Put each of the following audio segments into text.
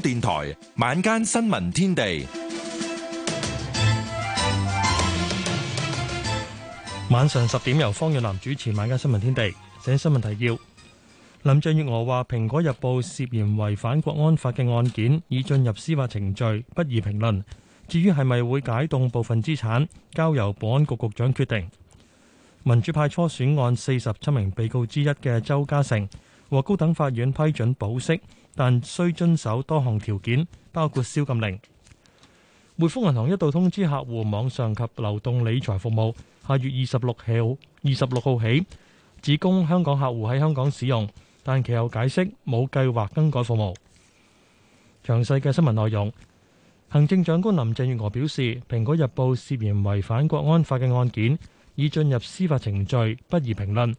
電台晚間新聞天地，晚上十點由方若南主持《晚間新聞天地》。先新聞提要：林鄭月娥話，蘋果日報涉嫌違反國安法嘅案件已進入司法程序，不宜評論。至於係咪會解凍部分資產，交由保安局局長決定。民主派初選案四十七名被告之一嘅周家成，獲高等法院批准保釋。但需遵守多項條件，包括宵禁令。匯豐銀行一度通知客戶，網上及流動理財服務，下月二十六號二十六號起只供香港客戶喺香港使用，但其後解釋冇計劃更改服務。詳細嘅新聞內容，行政長官林鄭月娥表示，蘋果日報涉嫌違反國安法嘅案件已進入司法程序，不宜評論，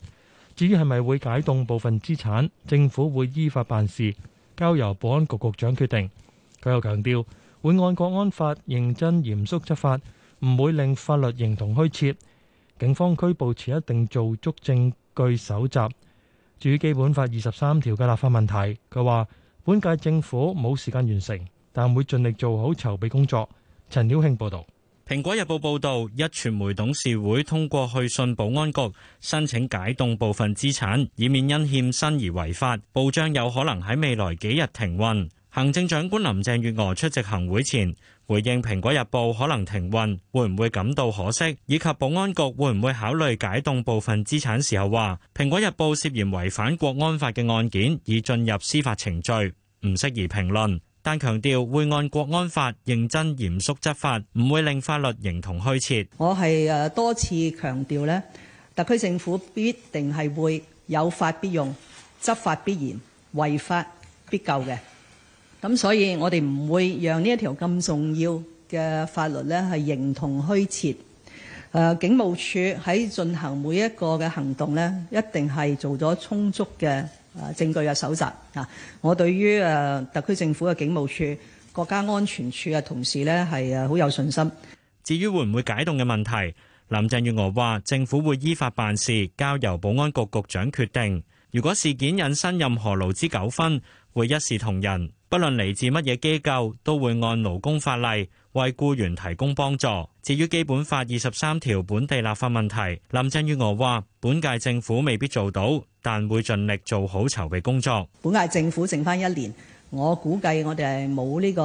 至於係咪會解凍部分資產，政府會依法辦事。交由保安局局長決定，佢又強調會按國安法認真嚴肅執法，唔會令法律形同虛設。警方拘捕前一定做足證據蒐集。至於基本法二十三條嘅立法問題，佢話本屆政府冇時間完成，但會盡力做好籌備工作。陳曉慶報道。蘋果日報報道，壹傳媒董事會通過去信保安局，申請解凍部分資產，以免因欠薪而違法。報章有可能喺未來幾日停運。行政長官林鄭月娥出席行會前回應蘋果日報可能停運，會唔會感到可惜，以及保安局會唔會考慮解凍部分資產時候，話蘋果日報涉嫌違反國安法嘅案件已進入司法程序，唔適宜評論。但強調會按國安法認真嚴肅執法,唔會令法律形同虛設。誒證據嘅搜集啊！我對於誒特區政府嘅警務處、國家安全處嘅同事咧係誒好有信心。至於會唔會解凍嘅問題，林鄭月娥話政府會依法辦事，交由保安局局長決定。如果事件引申任何勞資糾紛，會一視同仁，不論嚟自乜嘢機構，都會按勞工法例為僱員提供幫助。至於《基本法》二十三條本地立法問題，林鄭月娥話：本屆政府未必做到，但會盡力做好籌備工作。本屆政府剩返一年，我估計我哋係冇呢個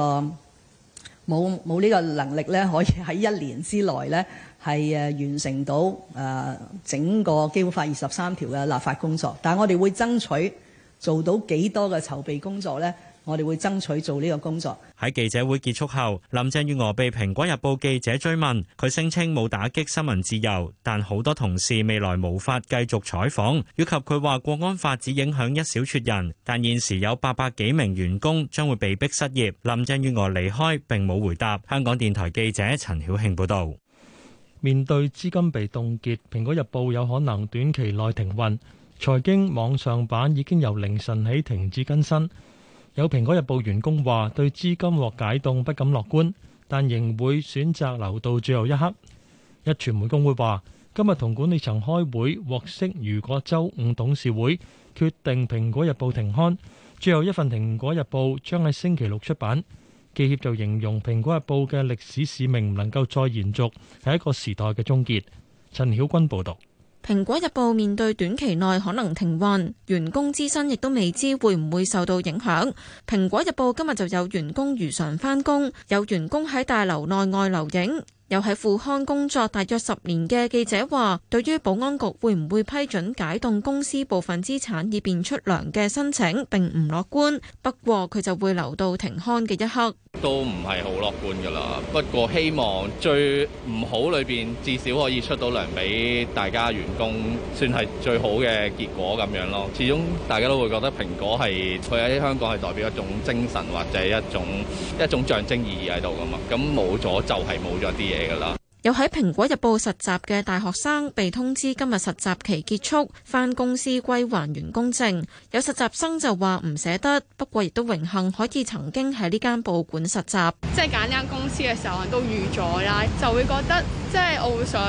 冇冇呢個能力咧，可以喺一年之內咧係誒完成到誒整個《基本法》二十三條嘅立法工作。但係我哋會爭取做到幾多嘅籌備工作咧？我哋會爭取做呢個工作。喺記者會結束後，林鄭月娥被《蘋果日報》記者追問，佢聲稱冇打擊新聞自由，但好多同事未來無法繼續採訪，以及佢話《國安法》只影響一小撮人，但現時有八百幾名員工將會被逼失業。林鄭月娥離開並冇回答。香港電台記者陳曉慶報導，面對資金被凍結，《蘋果日報》有可能短期內停運，財經網上版已經由凌晨起停止更新。有蘋果日報員工話：對資金獲解凍不敢樂觀，但仍會選擇留到最後一刻。壹傳媒工會話：今日同管理層開會獲悉，如果週五董事會決定蘋果日報停刊，最後一份蘋果日報將喺星期六出版。記協就形容蘋果日報嘅歷史使命唔能夠再延續，係一個時代嘅終結。陳曉君報道。蘋果日報面對短期內可能停運，員工資身亦都未知會唔會受到影響。蘋果日報今日就有員工如常返工，有員工喺大樓內外留影。又喺富康工作大約十年嘅記者話，對於保安局會唔會批准解凍公司部分資產以便出糧嘅申請並唔樂觀，不過佢就會留到停刊嘅一刻，都唔係好樂觀噶啦。不過希望最唔好裏邊至少可以出到糧俾大家員工，算係最好嘅結果咁樣咯。始終大家都會覺得蘋果係佢喺香港係代表一種精神或者一種一種象徵意義喺度㗎嘛。咁冇咗就係冇咗啲嘢。有喺《蘋果日報》實習嘅大學生被通知今日實習期結束，返公司歸還員工證。有實習生就話唔捨得，不過亦都榮幸可以曾經喺呢間報館實習。即係揀呢間公司嘅時候都預咗啦，就會覺得即係我會想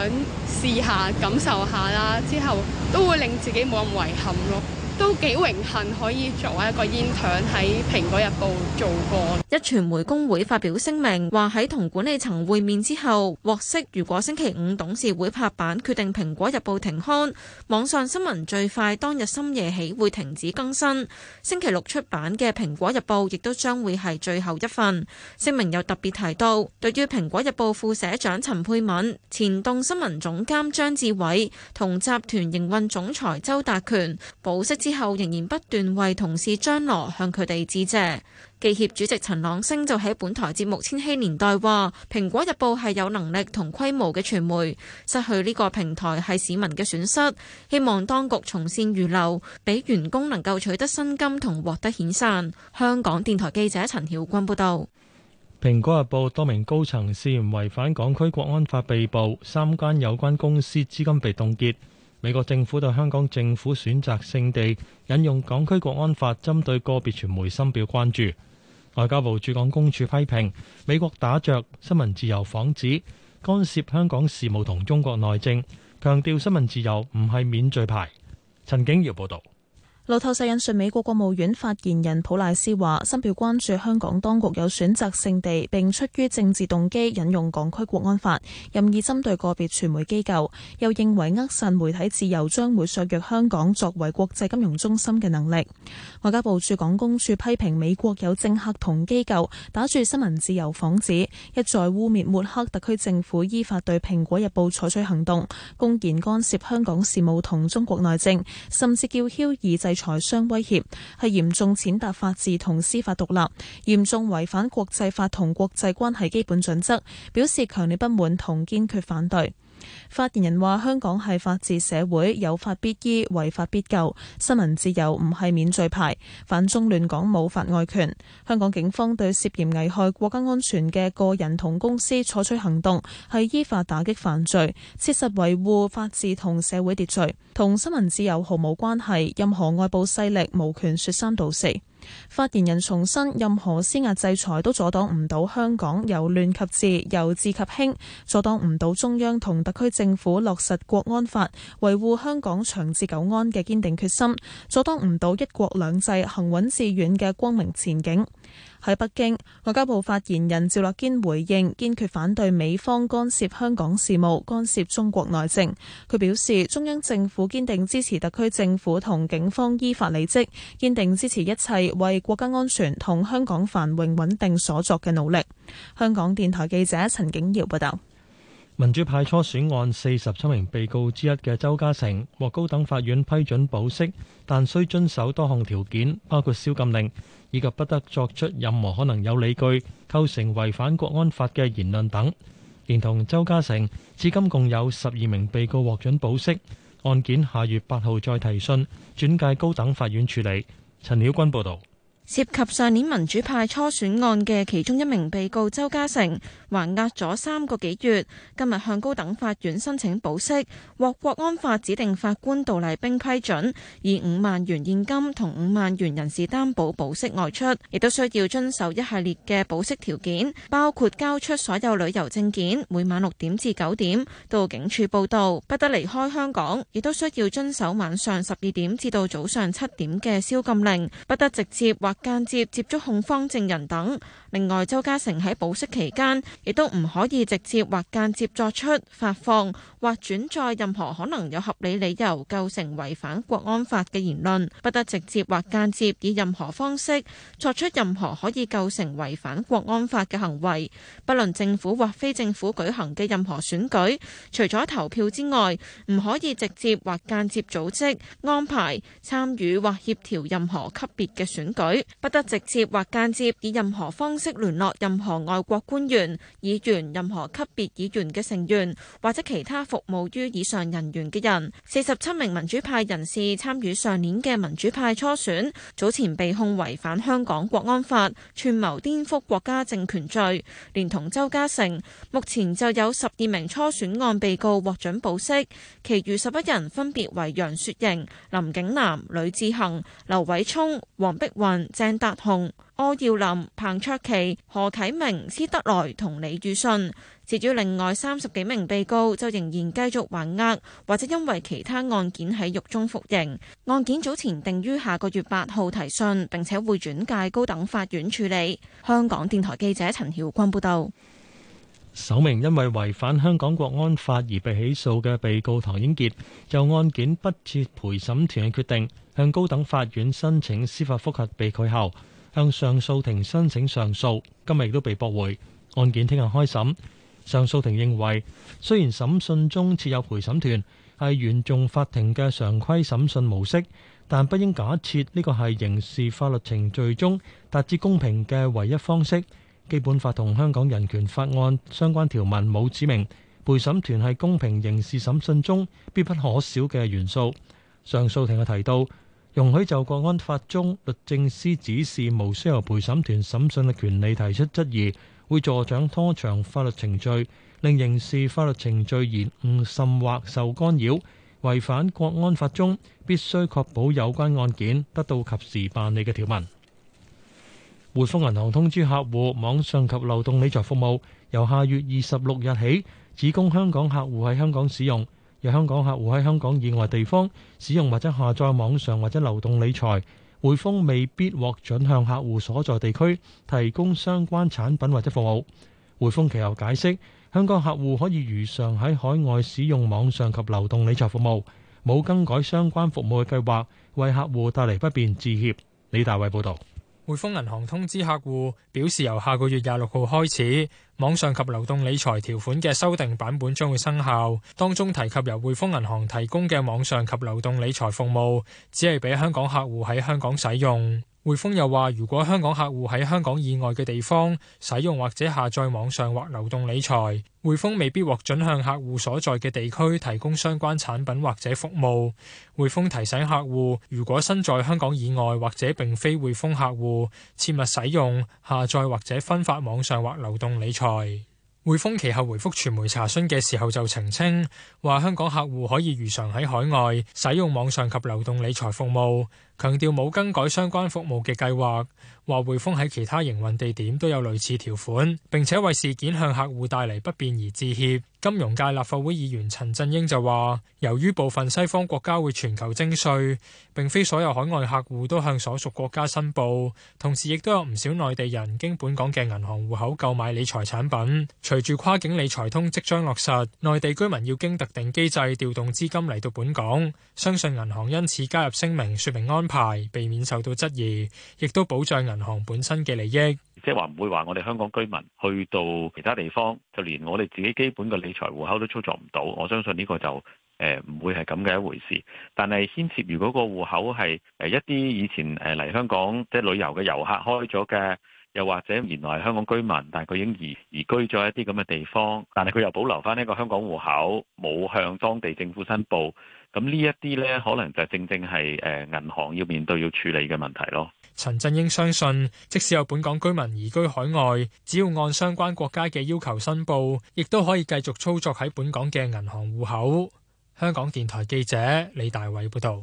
試下感受下啦，之後都會令自己冇咁遺憾咯。都幾榮幸可以作為一個 intern 喺《蘋果日報》做過。一傳媒公會發表聲明，話喺同管理層會面之後，獲悉如果星期五董事會拍板決定《蘋果日報》停刊，網上新聞最快當日深夜起會停止更新，星期六出版嘅《蘋果日報》亦都將會係最後一份。聲明又特別提到，對於《蘋果日報》副社長陳佩敏、前動新聞總監張志偉同集團營運總裁周達權保釋之後仍然不斷為同事張羅，向佢哋致謝。記協主席陳朗升就喺本台節目《千禧年代》話，蘋果日報係有能力同規模嘅傳媒，失去呢個平台係市民嘅損失。希望當局從善如流，俾員工能夠取得薪金同獲得遣散。香港電台記者陳曉君報道。蘋果日報多名高層涉嫌違反港區國安法被捕，三間有關公司資金被凍結。美國政府對香港政府選擇性地引用港區國安法針對個別傳媒深表關注。外交部駐港公署批評美國打着「新聞自由」幌子，干涉香港事務同中國內政，強調新聞自由唔係免罪牌。陳景耀報道。路透社引述美國國務院發言人普賴斯話，深表關注香港當局有選擇性地並出於政治動機引用港區國安法，任意針對個別傳媒機構，又認為扼殺媒體自由將會削弱香港作為國際金融中心嘅能力。外交部駐港公署批評美國有政客同機構打住新聞自由幌子，一再污衊抹黑特區政府依法對蘋果日報採取行動，公然干涉香港事務同中國內政，甚至叫囂以制財商威脅係嚴重踐踏法治同司法獨立，嚴重違反國際法同國際關係基本準則，表示強烈不滿同堅決反對。發言人話：香港係法治社會，有法必依，違法必究。新聞自由唔係免罪牌，反中亂港冇法外權。香港警方對涉嫌危害國家安全嘅個人同公司採取行動，係依法打擊犯罪，切實維護法治同社會秩序，同新聞自由毫無關係。任何外部勢力無權說三道四。發言人重申，任何施壓制裁都阻擋唔到香港由亂及治、由治及興，阻擋唔到中央同特區政府落實國安法、維護香港長治久安嘅堅定決心，阻擋唔到一國兩制行穩致遠嘅光明前景。喺北京，外交部發言人趙立堅回應堅決反對美方干涉香港事務、干涉中國內政。佢表示，中央政府堅定支持特區政府同警方依法履職，堅定支持一切為國家安全同香港繁榮穩定所作嘅努力。香港電台記者陳景堯報道。民主派初選案四十七名被告之一嘅周家成獲高等法院批准保釋，但需遵守多項條件，包括宵禁令以及不得作出任何可能有理據構成違反國安法嘅言論等。連同周家成，至今共有十二名被告獲准保釋。案件下月八號再提訊，轉介高等法院處理。陳曉君報道。涉及上年民主派初選案嘅其中一名被告周家成，還押咗三個幾月，今日向高等法院申請保釋，獲國安法指定法官杜麗冰批准，以五萬元現金同五萬元人士擔保保釋外出，亦都需要遵守一系列嘅保釋條件，包括交出所有旅遊證件，每晚六點至九點到警署報到，不得離開香港，亦都需要遵守晚上十二點至到早上七點嘅宵禁令，不得直接或間接接觸控方證人等。另外，周家成喺保釋期間，亦都唔可以直接或間接作出發放或轉載任何可能有合理理由構成違反國安法嘅言論，不得直接或間接以任何方式作出任何可以構成違反國安法嘅行為。不論政府或非政府舉行嘅任何選舉，除咗投票之外，唔可以直接或間接組織、安排參與或協調任何級別嘅選舉。不得直接或間接以任何方式聯絡任何外國官員、議員、任何級別議員嘅成員，或者其他服務於以上人員嘅人。四十七名民主派人士參與上年嘅民主派初選，早前被控違反香港國安法，串謀顛覆國家政權罪。連同鄒家成，目前就有十二名初選案被告獲准保釋，其餘十一人分別為楊雪盈、林景楠、呂智恆、劉偉聰、黃碧雲。鄭達鴻、柯耀林、彭卓棋、何啟明、施德來同李宇信，至於另外三十幾名被告就仍然繼續還押，或者因為其他案件喺獄中服刑。案件早前定於下個月八號提訊，並且會轉介高等法院處理。香港電台記者陳曉君報道。首名因為違反香港國安法而被起訴嘅被告唐英傑，就案件不設陪審團嘅決定。向高等法院申請司法覆核被拒後，向上訴庭申請上訴，今日亦都被駁回。案件聽日開審。上訴庭認為，雖然審訊中設有陪審團係原訟法庭嘅常規審訊模式，但不應假設呢個係刑事法律程序中達至公平嘅唯一方式。基本法同香港人權法案相關條文冇指明陪審團係公平刑事審訊中必不可少嘅元素。上訴庭又提到，容許就國安法中律政司指示無需由陪審團審訊嘅權利提出質疑，會助長拖長法律程序，令刑事法律程序延誤甚或受干擾，違反國安法中必須確保有關案件得到及時辦理嘅條文。匯豐銀行通知客戶，網上及流動理財服務由下月二十六日起只供香港客戶喺香港使用。有香港客戶喺香港以外地方使用或者下載網上或者流動理財，匯豐未必獲准向客戶所在地區提供相關產品或者服務。匯豐其後解釋香港客戶可以如常喺海外使用網上及流動理財服務，冇更改相關服務嘅計劃，為客戶帶嚟不便致歉。李大衛報道。匯豐銀行通知客戶表示，由下個月廿六號開始，網上及流動理財條款嘅修訂版本將會生效。當中提及由匯豐銀行提供嘅網上及流動理財服務，只係俾香港客戶喺香港使用。匯豐又話，如果香港客戶喺香港以外嘅地方使用或者下載網上或流動理財，匯豐未必獲准向客戶所在嘅地區提供相關產品或者服務。匯豐提醒客戶，如果身在香港以外或者並非匯豐客戶，切勿使用、下載或者分發網上或流動理財。匯豐其後回覆傳媒查詢嘅時候，就澄清，話香港客戶可以如常喺海外使用網上及流動理財服務。強調冇更改相關服務嘅計劃，話滙豐喺其他營運地點都有類似條款，並且為事件向客戶帶嚟不便而致歉。金融界立法會議員陳振英就話，由於部分西方國家會全球徵稅，並非所有海外客戶都向所屬國家申報，同時亦都有唔少內地人經本港嘅銀行戶口購買理財產品。隨住跨境理財通即將落實，內地居民要經特定機制調動資金嚟到本港，相信銀行因此加入聲明說明安避免受到質疑，亦都保障銀行本身嘅利益。即係話唔會話我哋香港居民去到其他地方，就連我哋自己基本嘅理財戶口都操作唔到。我相信呢個就誒唔會係咁嘅一回事。但係牽涉，如果個戶口係誒一啲以前誒嚟香港即係、就是、旅遊嘅遊客開咗嘅，又或者原來係香港居民，但係佢已經移移居咗一啲咁嘅地方，但係佢又保留翻呢個香港戶口，冇向當地政府申報。咁呢一啲呢，可能就正正係誒銀行要面對要處理嘅問題咯。陳振英相信，即使有本港居民移居海外，只要按相關國家嘅要求申報，亦都可以繼續操作喺本港嘅銀行戶口。香港電台記者李大偉報道，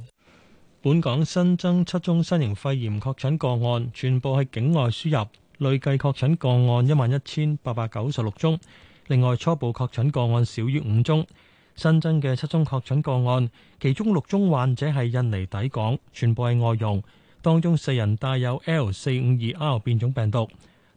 本港新增七宗新型肺炎確診個案，全部係境外輸入，累計確診個案一萬一千八百九十六宗，另外初步確診個案少於五宗。新增嘅七宗確診個案，其中六宗患者係印尼抵港，全部係外傭。當中四人帶有 L 四五二 R 變種病毒。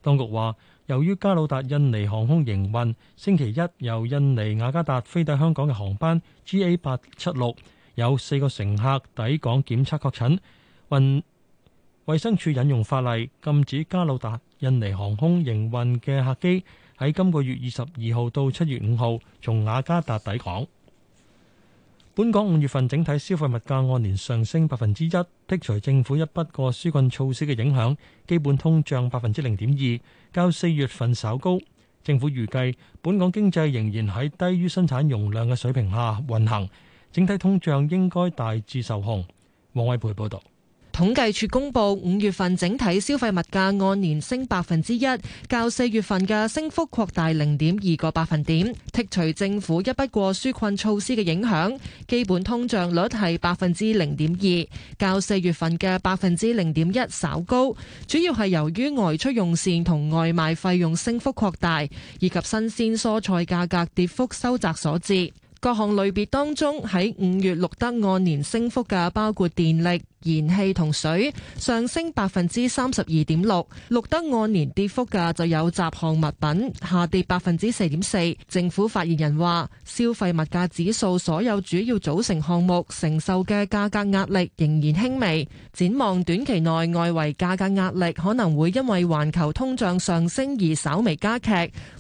當局話，由於加魯達印尼航空營運星期一由印尼雅加達飛抵香港嘅航班 GA 八七六有四個乘客抵港檢測確診，衞生署引用法例禁止加魯達印尼航空營運嘅客機。喺今個月二十二號到七月五號，從雅加達抵港。本港五月份整體消費物價按年上升百分之一，剔除政府一筆過紓困措施嘅影響，基本通脹百分之零點二，較四月份稍高。政府預計本港經濟仍然喺低於生產容量嘅水平下運行，整體通脹應該大致受控。黃偉培報道。統計處公布，五月份整體消費物價按年升百分之一，較四月份嘅升幅擴大零點二個百分點。剔除政府一筆過紓困措施嘅影響，基本通脹率係百分之零點二，較四月份嘅百分之零點一稍高。主要係由於外出用膳同外賣費用升幅擴大，以及新鮮蔬菜價格跌幅收窄所致。各項類別當中，喺五月錄得按年升幅嘅包括電力、燃氣同水上升百分之三十二點六，錄得按年跌幅嘅就有雜項物品下跌百分之四點四。政府發言人話，消費物價指數所有主要組成項目承受嘅價格壓力仍然輕微，展望短期內外圍價格壓力可能會因爲環球通脹上升而稍微加劇。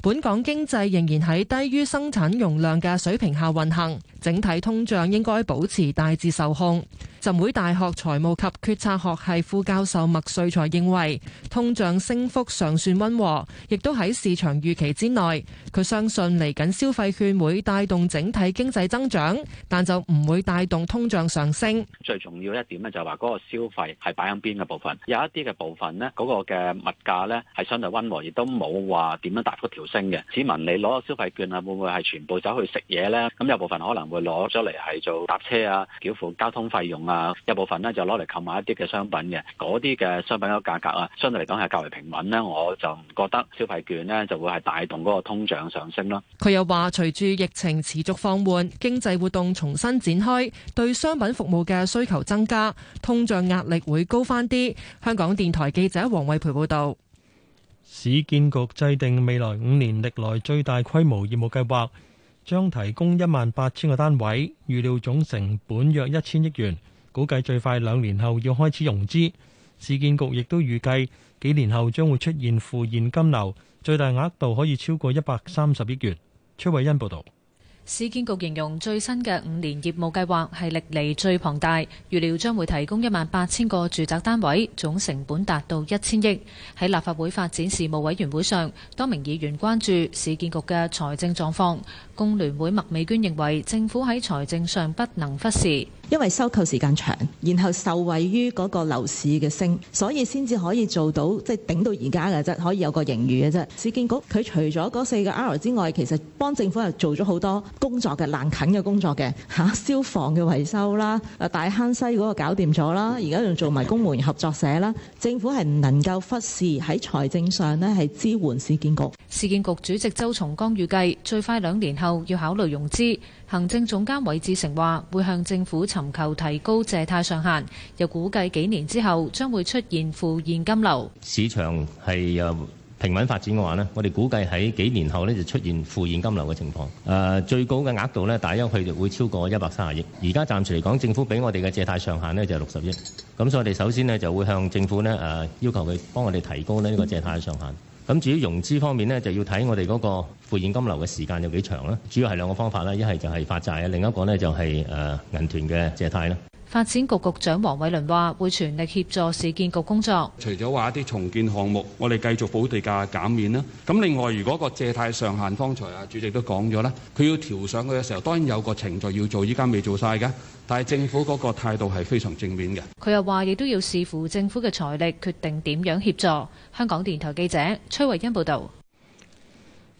本港經濟仍然喺低於生產容量嘅水平下運行，整體通脹應該保持大致受控。浸會大學財務及決策學系副教授麥瑞才認為，通脹升幅尚算温和，亦都喺市場預期之內。佢相信嚟緊消費券會帶動整體經濟增長，但就唔會帶動通脹上升。最重要一點咧就係話嗰個消費係擺響邊嘅部分，有一啲嘅部分咧嗰個嘅物價咧係相對温和，亦都冇話點樣大幅調升嘅。市民你攞個消費券啊，會唔會係全部走去食嘢咧？咁有部分可能會攞咗嚟係做搭車啊、繳付交通費用啊。啊！一部分呢就攞嚟購買一啲嘅商品嘅，嗰啲嘅商品嘅價格啊，相對嚟講係較為平穩呢。我就唔覺得消費券呢就會係帶動嗰個通脹上升啦。佢又話，隨住疫情持續放緩，經濟活動重新展開，對商品服務嘅需求增加，通脹壓力會高翻啲。香港電台記者黃慧培報道。市建局制定未來五年歷來最大規模業務計劃，將提供一萬八千個單位，預料總成本約一千億元。估計最快兩年後要開始融資，市建局亦都預計幾年後將會出現負現金流，最大額度可以超過一百三十億元。崔慧欣報道。市建局形容最新嘅五年業務計劃係歷嚟最龐大，預料將會提供一萬八千個住宅單位，總成本達到一千億。喺立法會發展事務委員會上，多名議員關注市建局嘅財政狀況。工聯會麥美娟認為政府喺財政上不能忽視。因為收購時間長，然後受惠於嗰個樓市嘅升，所以先至可以做到即係、就是、頂到現在而家嘅啫，可以有個盈餘嘅啫。市建局佢除咗嗰四個 R 之外，其實幫政府係做咗好多工作嘅，難啃嘅工作嘅嚇、啊，消防嘅維修啦，啊大坑西嗰個搞掂咗啦，而家仲做埋公務員合作社啦。政府係唔能夠忽視喺財政上呢，係支援市建局。市建局主席周松崗預計最快兩年後要考慮融資。行政總監韋志成話會向政府尋求提高借貸上限，又估計幾年之後將會出現負現金流。市場係又平穩發展嘅話呢，我哋估計喺幾年後呢就出現負現金流嘅情況。誒，最高嘅額度呢，大約佢會超過一百三十億。而家暫時嚟講，政府俾我哋嘅借貸上限呢就係六十億。咁所以我哋首先呢就會向政府呢誒要求佢幫我哋提高呢呢個借貸上限。咁至於融資方面呢就要睇我哋嗰個負現金流嘅時間有幾長啦。主要係兩個方法啦，一係就係發債，另一個呢就係、是呃、銀團嘅借貸啦。發展局局長黃偉麟話：會全力協助市建局工作。除咗話一啲重建項目，我哋繼續保地價減免啦。咁另外，如果個借貸上限，方才啊主席都講咗啦，佢要調上去嘅時候，當然有個程序要做，依家未做晒㗎。但政府嗰個態度係非常正面嘅。佢又話亦都要視乎政府嘅財力，決定點樣協助。香港電台記者崔慧欣報道。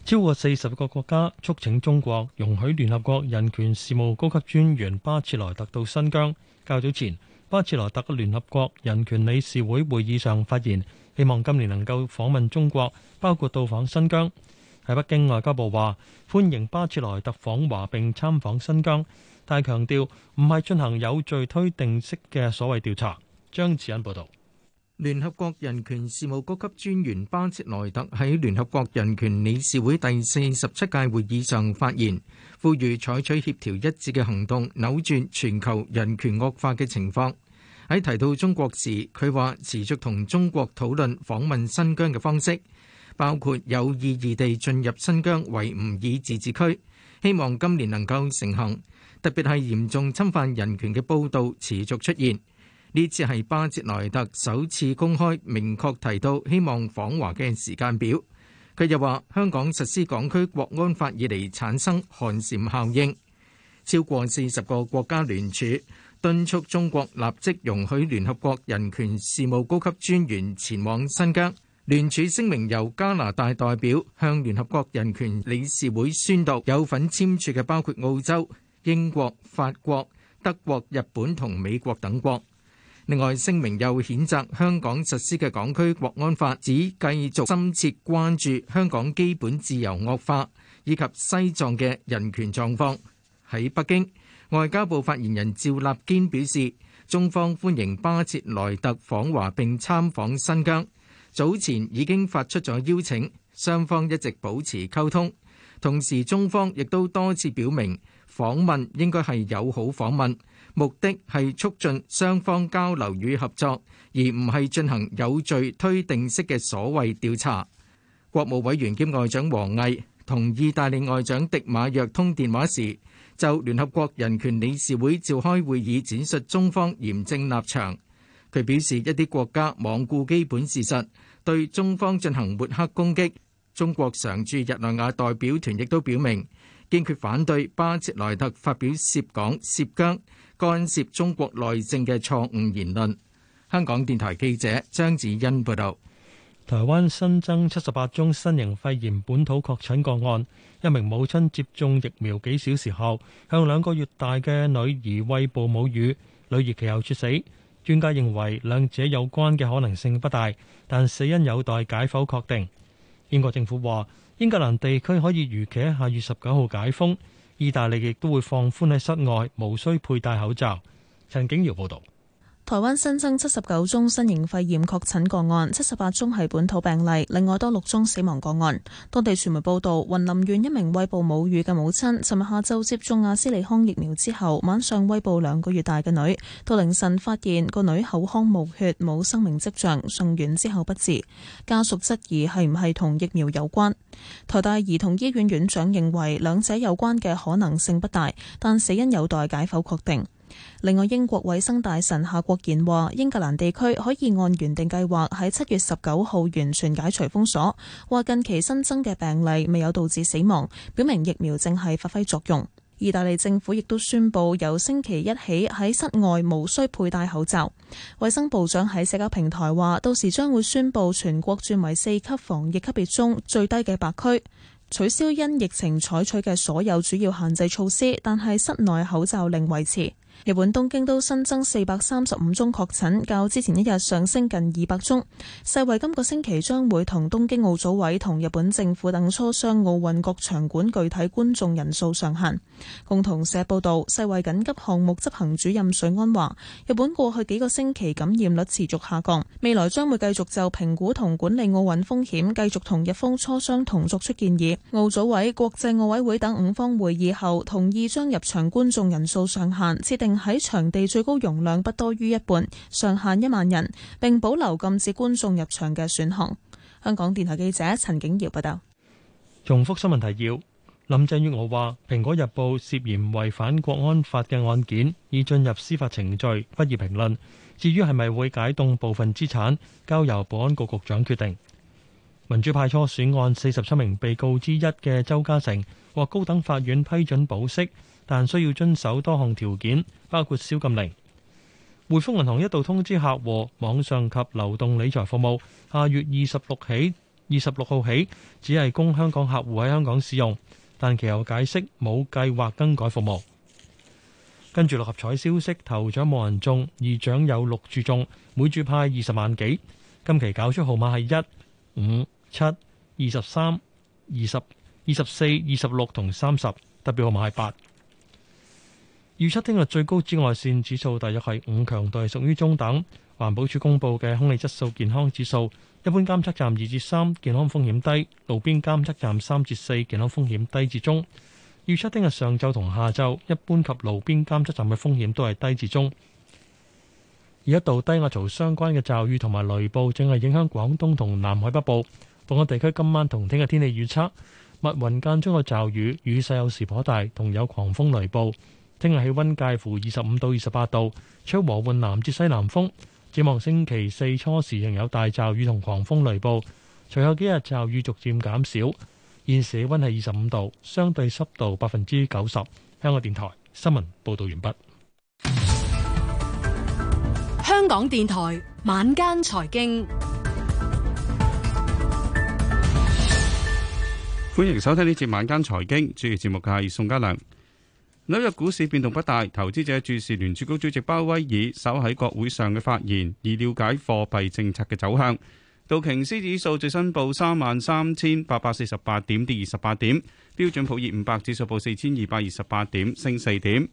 超過四十個國家促請中國容許聯合國人權事務高級專員巴切萊特到新疆。較早前，巴切萊特喺聯合國人權理事會會議上發言，希望今年能夠訪問中國，包括到訪新疆。喺北京外交部話歡迎巴切萊特訪華並參訪新疆，但強調，唔係進行有罪推定式嘅所謂調查。張子恩報道。聯合國人權事務高級專員巴切萊特喺聯合國人權理事會第四十七屆會議上發言，呼籲採取協調一致嘅行動，扭轉全球人權惡化嘅情況。喺提到中國時，佢話持續同中國討論訪問新疆嘅方式，包括有意義地進入新疆維吾爾自治區，希望今年能夠成行。特別係嚴重侵犯人權嘅報道持續出現。呢次係巴切萊特首次公開明確提到希望訪華嘅時間表。佢又話：香港實施港區國安法以嚟產生寒蟬效應，超過四十個國家聯署敦促中國立即容許聯合國人權事務高級專員前往新疆。聯署聲明由加拿大代表向聯合國人權理事會宣讀，有份簽署嘅包括澳洲。英國、法國、德國、日本同美國等國。另外聲明又譴責香港實施嘅港區國安法，指繼續深切關注香港基本自由惡化以及西藏嘅人權狀況。喺北京，外交部發言人趙立堅表示，中方歡迎巴切萊特訪華並參訪新疆，早前已經發出咗邀請，雙方一直保持溝通，同時中方亦都多次表明。訪問應該係友好訪問，目的係促進雙方交流與合作，而唔係進行有罪推定式嘅所謂調查。國務委員兼外長王毅同意大利外長迪馬約通電話時，就聯合國人權理事會召開會議，展述中方嚴正立場。佢表示一啲國家罔顧基本事實，對中方進行抹黑攻擊。中國常駐日內瓦代表團亦都表明。堅決反對巴切萊特發表涉港、涉疆、干涉中國內政嘅錯誤言論。香港電台記者張子欣報道。台灣新增七十八宗新型肺炎本土確診個案，一名母親接種疫苗幾小時後向兩個月大嘅女兒喂哺母乳，女兒其後猝死。專家認為兩者有關嘅可能性不大，但死因有待解剖確定。英國政府話。英格蘭地區可以預期喺下月十九號解封，意大利亦都會放寬喺室外，無需佩戴口罩。陳景瑤報道。台灣新增七十九宗新型肺炎確診個案，七十八宗係本土病例，另外多六宗死亡個案。當地傳媒報道，雲林縣一名餵哺母乳嘅母親，尋日下晝接種阿斯利康疫苗之後，晚上餵哺兩個月大嘅女，到凌晨發現個女口腔冒血，冇生命跡象，送院之後不治。家屬質疑係唔係同疫苗有關。台大兒童醫院院長認為兩者有關嘅可能性不大，但死因有待解剖確定。另外，英國衛生大臣夏國賢話，英格蘭地區可以按原定計劃喺七月十九號完全解除封鎖。話近期新增嘅病例未有導致死亡，表明疫苗正係發揮作用。意大利政府亦都宣布由星期一起喺室外無需佩戴口罩。衛生部長喺社交平台話，到時將會宣布全國轉為四級防疫級別中最低嘅白區，取消因疫情採取嘅所有主要限制措施，但係室內口罩令維持。日本東京都新增四百三十五宗確診，較之前一日上升近二百宗。世衛今個星期將會同東京奧組委同日本政府等磋商奧運各場館具體觀眾人數上限。共同社報導，世衛緊急項目執行主任瑞安話，日本過去幾個星期感染率持續下降，未來將會繼續就評估同管理奧運風險繼續同日方磋商同作出建議。奧組委、國際奧委會等五方會議後同意將入場觀眾人數上限設定。喺場地最高容量不多於一半，上限一萬人，並保留禁止觀眾入場嘅選項。香港電台記者陳景堯報道。重複新聞提要：林鄭月娥話，《蘋果日報》涉嫌違反國安法嘅案件已進入司法程序，不宜評論。至於係咪會解凍部分資產，交由保安局局長決定。民主派初選案四十七名被告之一嘅周家成獲高等法院批准保釋。但需要遵守多項條件，包括宵禁令。匯豐銀行一度通知客戶，網上及流動理財服務，下月二十六起，二十六號起只係供香港客戶喺香港使用。但其後解釋冇計劃更改服務。跟住六合彩消息，頭獎冇人中，二獎有六注中，每注派二十萬幾，今期搞出號碼係一五七二十三二十二十四二十六同三十，特別號碼係八。預測聽日最高紫外線指數大約係五，強度係屬於中等。環保署公布嘅空氣質素健康指數，一般監測站二至三，健康風險低；路邊監測站三至四，健康風險低至中。預測聽日上晝同下晝，一般及路邊監測站嘅風險都係低至中。而一度低壓槽相關嘅驟雨同埋雷暴正係影響廣東同南海北部。本港地區今晚同聽日天氣預測，密雲間中嘅驟雨，雨勢有時頗大，同有狂風雷暴。聽日氣溫介乎二十五到二十八度，吹和緩南至西南風。展望星期四初時仍有大驟雨同狂風雷暴，隨後幾日驟雨逐漸減少。現時氣溫係二十五度，相對濕度百分之九十。香港電台新聞報道完畢。香港電台晚間財經，歡迎收聽呢節晚間財經，主持節目嘅係宋家良。紐約股市變動不大，投資者注視聯儲局主席鮑威爾首喺國會上嘅發言，以了解貨幣政策嘅走向。道瓊斯指數最新報三萬三千八百四十八點，跌二十八點。標準普爾五百指數報四千二百二十八點，升四點。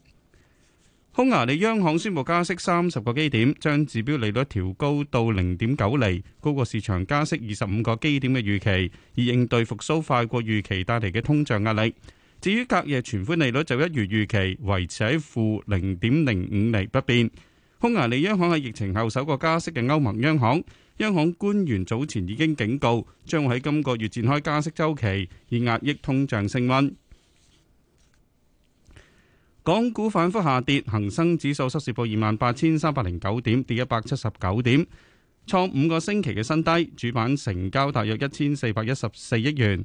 匈牙利央行宣布加息三十個基點，將指標利率調高到零點九厘，高過市場加息二十五個基點嘅預期，以應對復蘇快過預期帶嚟嘅通脹壓力。至於隔夜存款利率就一如預期維持喺負零點零五厘不變。匈牙利央行喺疫情後首個加息嘅歐盟央行，央行官員早前已經警告將會喺今個月展開加息週期，以壓抑通脹升溫。港股反覆下跌，恒生指數收市報二萬八千三百零九點，跌一百七十九點，創五個星期嘅新低。主板成交大約一千四百一十四億元。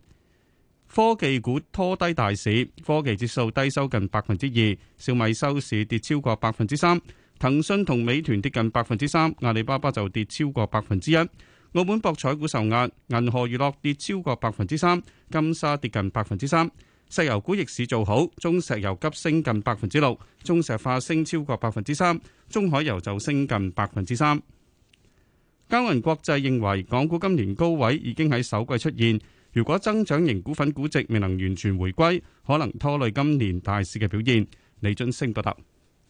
科技股拖低大市，科技指數低收近百分之二，小米收市跌超過百分之三，騰訊同美團跌近百分之三，阿里巴巴就跌超過百分之一。澳門博彩股受壓，銀河娛樂跌超過百分之三，金沙跌近百分之三。石油股逆市做好，中石油急升近百分之六，中石化升超過百分之三，中海油就升近百分之三。交銀國際認為，港股今年高位已經喺首季出現。如果增長型股份估值未能完全回歸，可能拖累今年大市嘅表現。李俊升報道。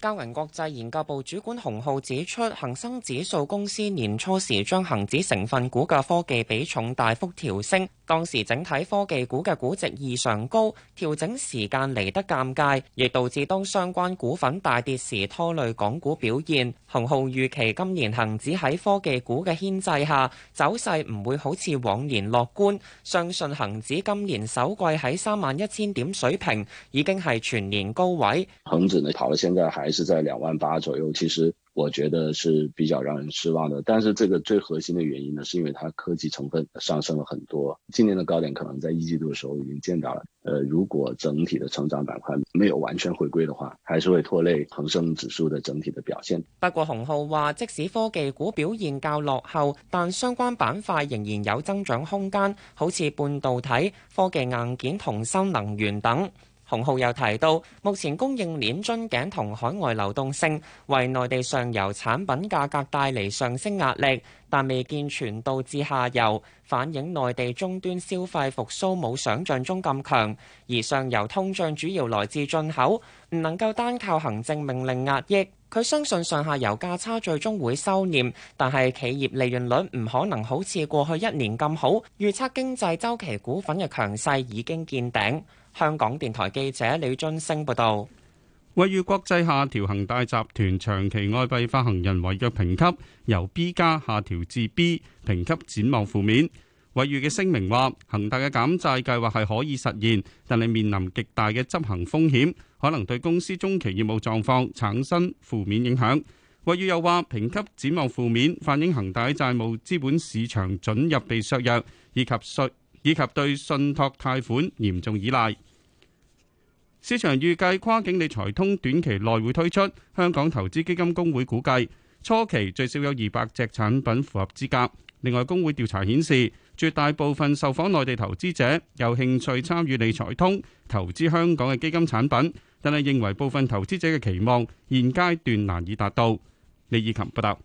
交銀國際研究部主管洪浩指出，恒生指數公司年初時將恒指成分股嘅科技比重大幅調升，當時整體科技股嘅估值異常高，調整時間嚟得尷尬，亦導致當相關股份大跌時拖累港股表現。洪浩預期今年恒指喺科技股嘅牽制下走勢唔會好似往年樂觀，相信恒指今年首季喺三萬一千點水平已經係全年高位。現在還是在兩萬八左右，其實我覺得是比較讓人失望的。但是這個最核心的原因呢，是因為它科技成分上升了很多，今年的高點可能在一季度的時候已經見到了。呃，如果整體的成長板塊沒有完全回歸的話，還是會拖累恒生指數的整體的表現。不過洪浩話，即使科技股表現較落後，但相關板塊仍然有增長空間，好似半導體、科技硬件同新能源等。洪浩又提到，目前供應鏈樽頸同海外流動性為內地上游產品價格帶嚟上升壓力，但未見傳導至下游，反映內地終端消費復甦冇想象中咁強，而上游通脹主要來自進口，唔能夠單靠行政命令壓抑。佢相信上下游價差最終會收斂，但係企業利潤率唔可能好似過去一年咁好。預測經濟週期股份嘅強勢已經見頂。香港電台記者李俊升報道，惠譽國際下調恒大集團長期外幣發行人違約評級，由 B 加下調至 B，評級展望負面。惠譽嘅聲明話，恒大嘅減債計劃係可以實現，但係面臨極大嘅執行風險，可能對公司中期業務狀況產生負面影響。惠譽又話，評級展望負面，反映恒大債務資本市場準入被削弱，以及削弱。以及對信託貸款嚴重依賴。市場預計跨境理財通短期內會推出。香港投資基金公會估計初期最少有二百隻產品符合資格。另外，公會調查顯示絕大部分受訪內地投資者有興趣參與理財通投資香港嘅基金產品，但係認為部分投資者嘅期望現階段難以達到。李以琴報道。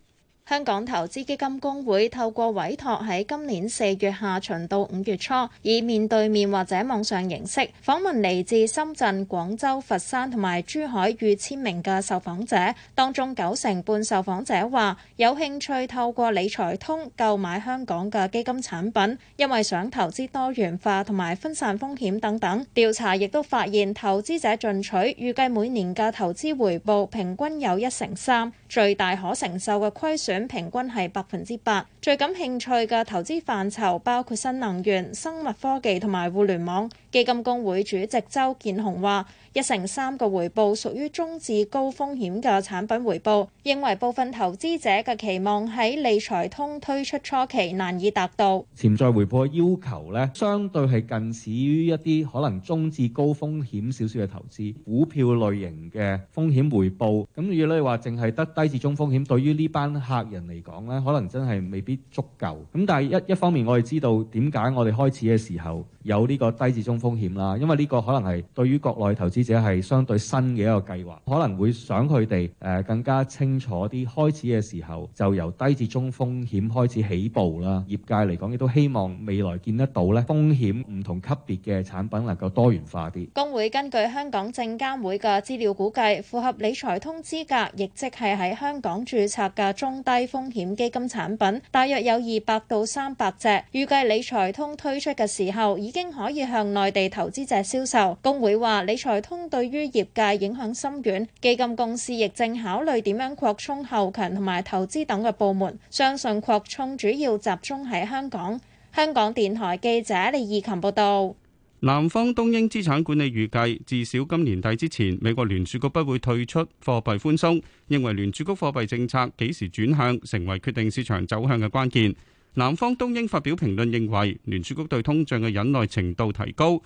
香港投資基金工會透過委託喺今年四月下旬到五月初，以面對面或者網上形式訪問嚟自深圳、廣州、佛山同埋珠海逾千名嘅受訪者，當中九成半受訪者話有興趣透過理財通購買香港嘅基金產品，因為想投資多元化同埋分散風險等等。調查亦都發現，投資者進取預計每年嘅投資回報平均有一成三，最大可承受嘅虧損平均係百分之八，最感興趣嘅投資範疇包括新能源、生物科技同埋互聯網。基金公會主席周建雄話，一成三個回報屬於中至高風險嘅產品回報，認為部分投資者嘅期望喺理財通推出初期難以達到。潛在回報嘅要求咧，相對係近似於一啲可能中至高風險少少嘅投資，股票類型嘅風險回報。咁如果你話淨係得低至中風險，對於呢班客人嚟講咧，可能真係未必足夠。咁但係一一方面，我哋知道點解我哋開始嘅時候。有呢個低至中風險啦，因為呢個可能係對於國內投資者係相對新嘅一個計劃，可能會想佢哋更加清楚啲，開始嘅時候就由低至中風險開始起步啦，業界嚟講亦都希望未來見得到咧風險唔同級別嘅產品能夠多元化啲。公會根據香港證監會嘅資料估計，符合理財通資格，亦即係喺香港註冊嘅中低風險基金產品，大約有二百到三百隻。預計理財通推出嘅時候，已經可以向內地投資者銷售。工會話，理財通對於業界影響深遠。基金公司亦正考慮點樣擴充後勤同埋投資等嘅部門。相信擴充主要集中喺香港。香港電台記者李義琴報道。南方東英資產管理預計，至少今年底之前，美國聯儲局不會退出貨幣寬鬆。認為聯儲局貨幣政策幾時轉向，成為決定市場走向嘅關鍵。南方東英發表評論，認為聯儲局對通脹嘅忍耐程度提高，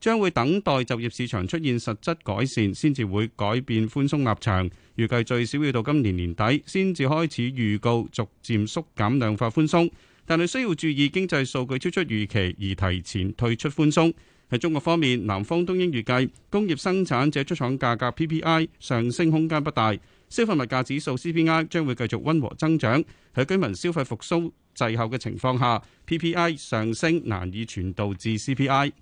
將會等待就業市場出現實質改善先至會改變寬鬆立場。預計最少要到今年年底先至開始預告，逐漸縮減量化寬鬆。但係需要注意經濟數據超出預期而提前退出寬鬆。喺中國方面，南方東英預計工業生產者出廠價格 PPI 上升空間不大，消費物價指數 CPI 將會繼續溫和增長，喺居民消費復甦，滯後嘅情況下，PPI 上升難以傳導至 CPI。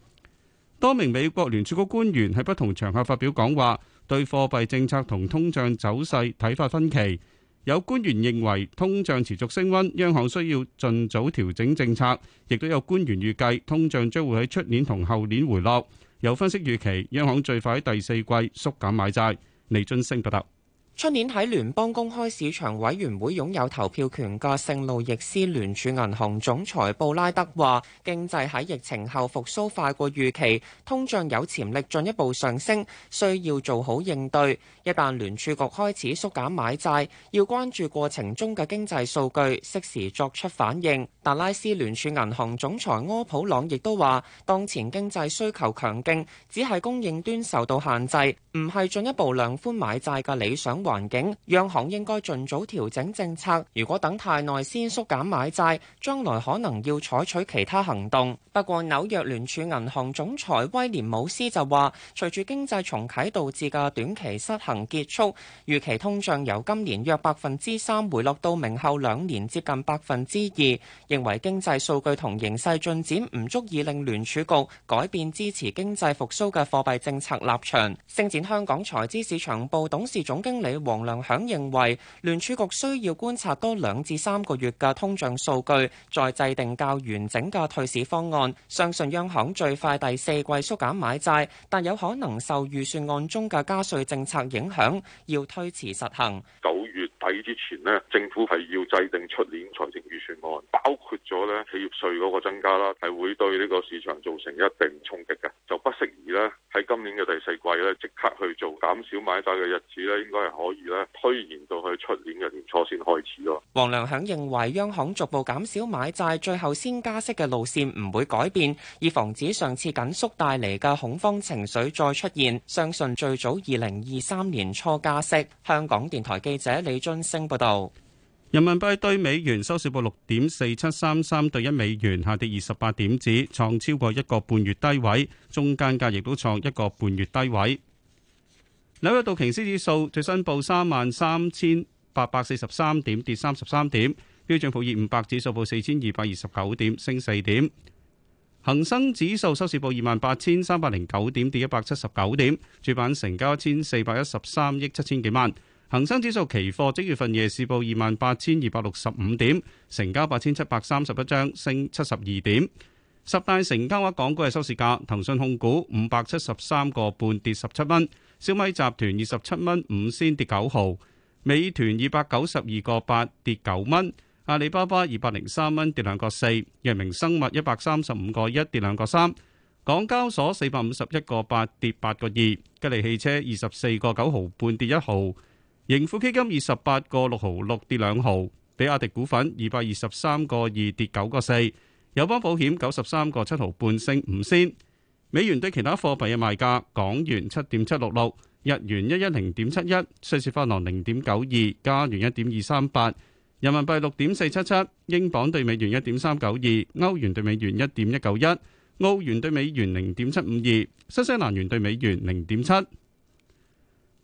多名美國聯儲局官員喺不同場合發表講話，對貨幣政策同通脹走勢睇法分歧。有官員認為通脹持續升温，央行需要盡早調整政策，亦都有官員預計通脹將會喺出年同後年回落。有分析預期央行最快喺第四季縮減買債。李津升報道。出年喺聯邦公開市場委員會擁有投票權嘅聖路易斯聯儲銀行總裁布拉德話經濟喺疫情後復蘇快過預期，通脹有潛力進一步上升，需要做好應對。一旦聯儲局開始縮減買債，要關注過程中嘅經濟數據，適時作出反應。達拉斯聯儲銀行總裁柯普朗亦都話：當前經濟需求強勁，只係供應端受到限制，唔係進一步量寬買債嘅理想。環境，央行應該盡早調整政策。如果等太耐先縮減買債，將來可能要採取其他行動。不過紐約聯儲銀行總裁威廉姆斯就話，隨住經濟重啟導致嘅短期失衡結束，預期通脹由今年約百分之三回落到明後兩年接近百分之二。認為經濟數據同形勢進展唔足以令聯儲局改變支持經濟復蘇嘅貨幣政策立場。星展香港財資市場部董事總經理，黃良響認為，聯儲局需要觀察多兩至三個月嘅通脹數據，再制定較完整嘅退市方案。相信央行最快第四季縮減買債，但有可能受預算案中嘅加稅政策影響，要推遲實行。之前呢政府，係要制定出年財政預算案，包括咗咧企業稅嗰個增加啦，係會對呢個市場造成一定衝擊嘅，就不適宜咧喺今年嘅第四季咧即刻去做減少買債嘅日子咧，應該係可以咧推延到去出年嘅年初先開始咯。王良享認為，央行逐步減少買債，最後先加息嘅路綫唔會改變，以防止上次緊縮帶嚟嘅恐慌情緒再出現，相信最早二零二三年初加息。香港電台記者李俊。升報道，人民幣兌美元收市報六點四七三三兌一美元，下跌二十八點子，創超過一個半月低位；中間價亦都創一個半月低位。紐約道瓊斯指數最新報三萬三千八百四十三點，跌三十三點；標準普爾五百指數報四千二百二十九點，升四點；恒生指數收市報二萬八千三百零九點，跌一百七十九點；主板成交一千四百一十三億七千幾萬。恒生指數期貨即月份夜市報二萬八千二百六十五點，成交八千七百三十一張，升七十二點。十大成交額港股嘅收市價，騰訊控股五百七十三個半跌十七蚊，小米集團二十七蚊五仙跌九毫，美團二百九十二個八跌九蚊，阿里巴巴二百零三蚊跌兩個四，藥明生物一百三十五個一跌兩個三，港交所四百五十一個八跌八個二，吉利汽車二十四個九毫半跌一毫。盈富基金二十八個六毫六跌兩毫，比亞迪股份二百二十三個二跌九個四，友邦保險九十三個七毫半升五仙。美元對其他貨幣嘅賣價：港元七點七六六，日元一一零點七一，瑞士法郎零點九二，加元一點二三八，人民幣六點四七七，英鎊對美元一點三九二，歐元對美元一點一九一，澳元對美元零點七五二，新西蘭元對美元零點七。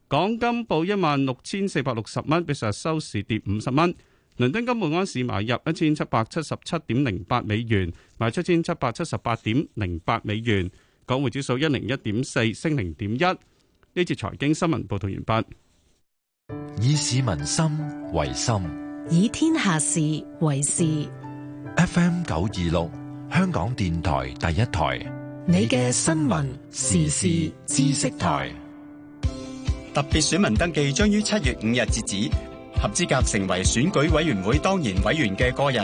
港金報一萬六千四百六十蚊，比上日收市跌五十蚊。倫敦金每安士買入一千七百七十七點零八美元，賣出一千七百七十八點零八美元。港匯指數一零一點四升零點一。呢節財經新聞報道完畢。以市民心為心，以天下事為事。F.M. 九二六，香港電台第一台，你嘅新聞時事知識台。特別選民登記將於七月五日截止，合資格成為選舉委員會當然委員嘅個人，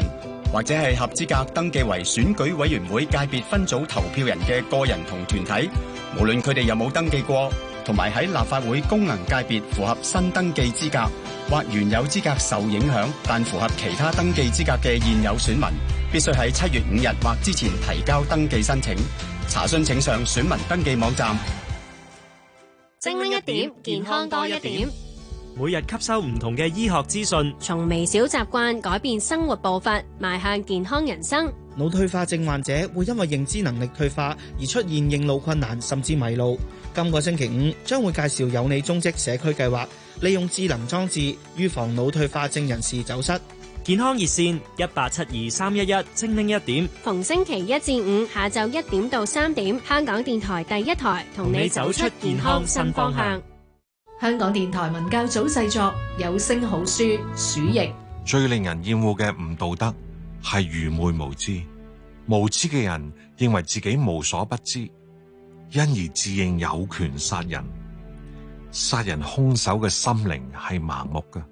或者係合資格登記為選舉委員會界別分組投票人嘅個人同團體，無論佢哋有冇登記過，同埋喺立法會功能界別符合新登記資格或原有資格受影響，但符合其他登記資格嘅現有選民，必須喺七月五日或之前提交登記申請。查詢請上選民登記網站。精靈一點，健康多一點。每日吸收唔同嘅醫學資訊，從微小習慣改變生活步伐，邁向健康人生。腦退化症患者會因為認知能力退化而出現認路困難，甚至迷路。今個星期五將會介紹有你中職社區計劃，利用智能裝置預防腦退化症人士走失。健康熱線一八七二三一一，精靈一點。逢星期一至五下晝一點到三點，香港電台第一台同你走出健康新方向。香港電台文教組製作有聲好書《鼠疫》。最令人厭惡嘅唔道德係愚昧無知，無知嘅人認為自己無所不知，因而自認有權殺人。殺人兇手嘅心靈係盲目嘅。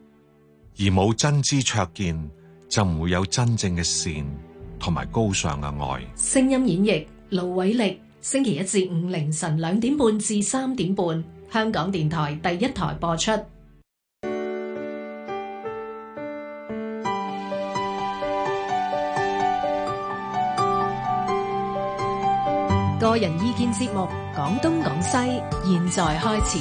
而冇真知灼見，就唔會有真正嘅善同埋高尚嘅愛。聲音演繹，盧偉力，星期一至五凌晨兩點半至三點半，香港電台第一台播出。個人意見節目，講東講西，現在開始。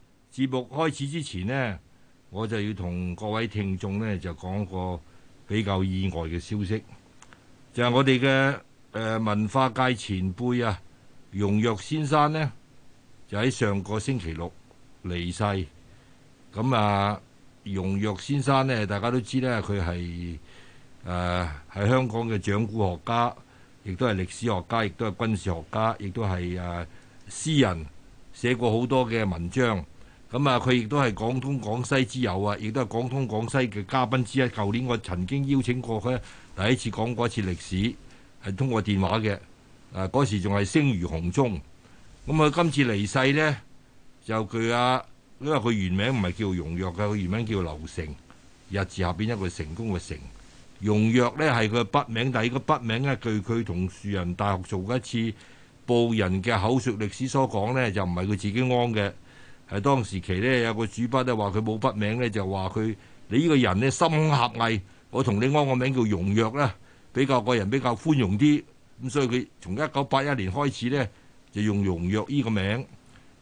節目開始之前呢，我就要同各位聽眾呢就講個比較意外嘅消息，就係、是、我哋嘅誒文化界前輩啊，容若先生呢，就喺上個星期六離世。咁、嗯、啊，容若先生呢，大家都知呢，佢係誒係香港嘅掌故學家，亦都係歷史學家，亦都係軍事學家，亦都係誒詩人，寫過好多嘅文章。咁、嗯、啊，佢亦都係廣東廣西之友啊，亦都係廣東廣西嘅嘉賓之一。舊年我曾經邀請過佢，第一次講過一次歷史，係通過電話嘅。啊，嗰時仲係聲如洪鐘。咁、嗯、啊，今次離世呢，就佢啊，因為佢原名唔係叫容若嘅，佢原名叫劉成，日字下邊一個成功嘅成。容若呢，係佢筆名，但係呢個筆名呢，據佢同樹人大學做過一次報人嘅口述歷史所講呢，就唔係佢自己安嘅。係當時期咧，有個主筆啊，話佢冇筆名咧，就話佢，你依個人咧心狹隘。我同你安個名叫容若啦，比較個人比較寬容啲。咁所以佢從一九八一年開始咧，就用容若依個名。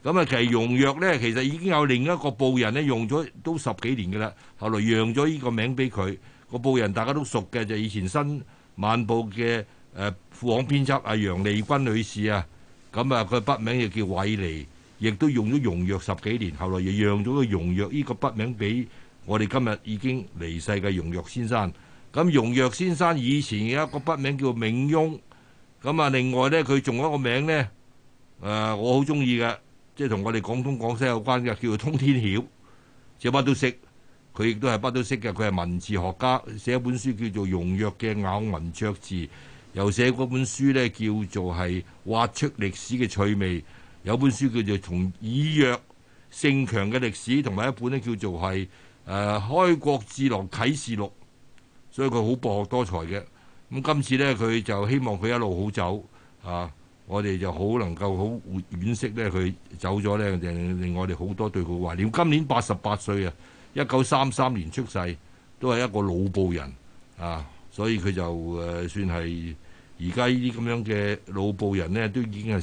咁啊，其實容若咧，其實已經有另一個報人咧用咗都十幾年噶啦。後來讓咗依個名俾佢個報人，大家都熟嘅，就以前新晚報嘅誒副往編輯啊楊麗君女士啊。咁啊，佢筆名就叫韋妮。亦都用咗容若十幾年，後來又讓咗個容若呢個筆名俾我哋今日已經離世嘅容若先生。咁容若先生以前有一個筆名叫冥翁，咁啊另外呢，佢仲有一個名呢，誒、呃、我好中意嘅，即係同我哋廣東廣西有關嘅，叫做通天曉，就乜都識。佢亦都係乜都識嘅，佢係文字學家，寫一本書叫做《容若嘅咬文嚼字》，又寫嗰本書呢，叫做係挖出歷史嘅趣味。有本書叫做《從以弱勝強嘅歷史》，同埋一本咧叫做係《誒開國智囊啟示錄》，所以佢好博學多才嘅。咁今次呢，佢就希望佢一路好走啊！我哋就好能夠好惋惜呢佢走咗呢，令我哋好多對佢懷念。今年八十八歲啊，一九三三年出世，都係一個老報人啊，所以佢就誒算係而家呢啲咁樣嘅老報人呢，都已經係。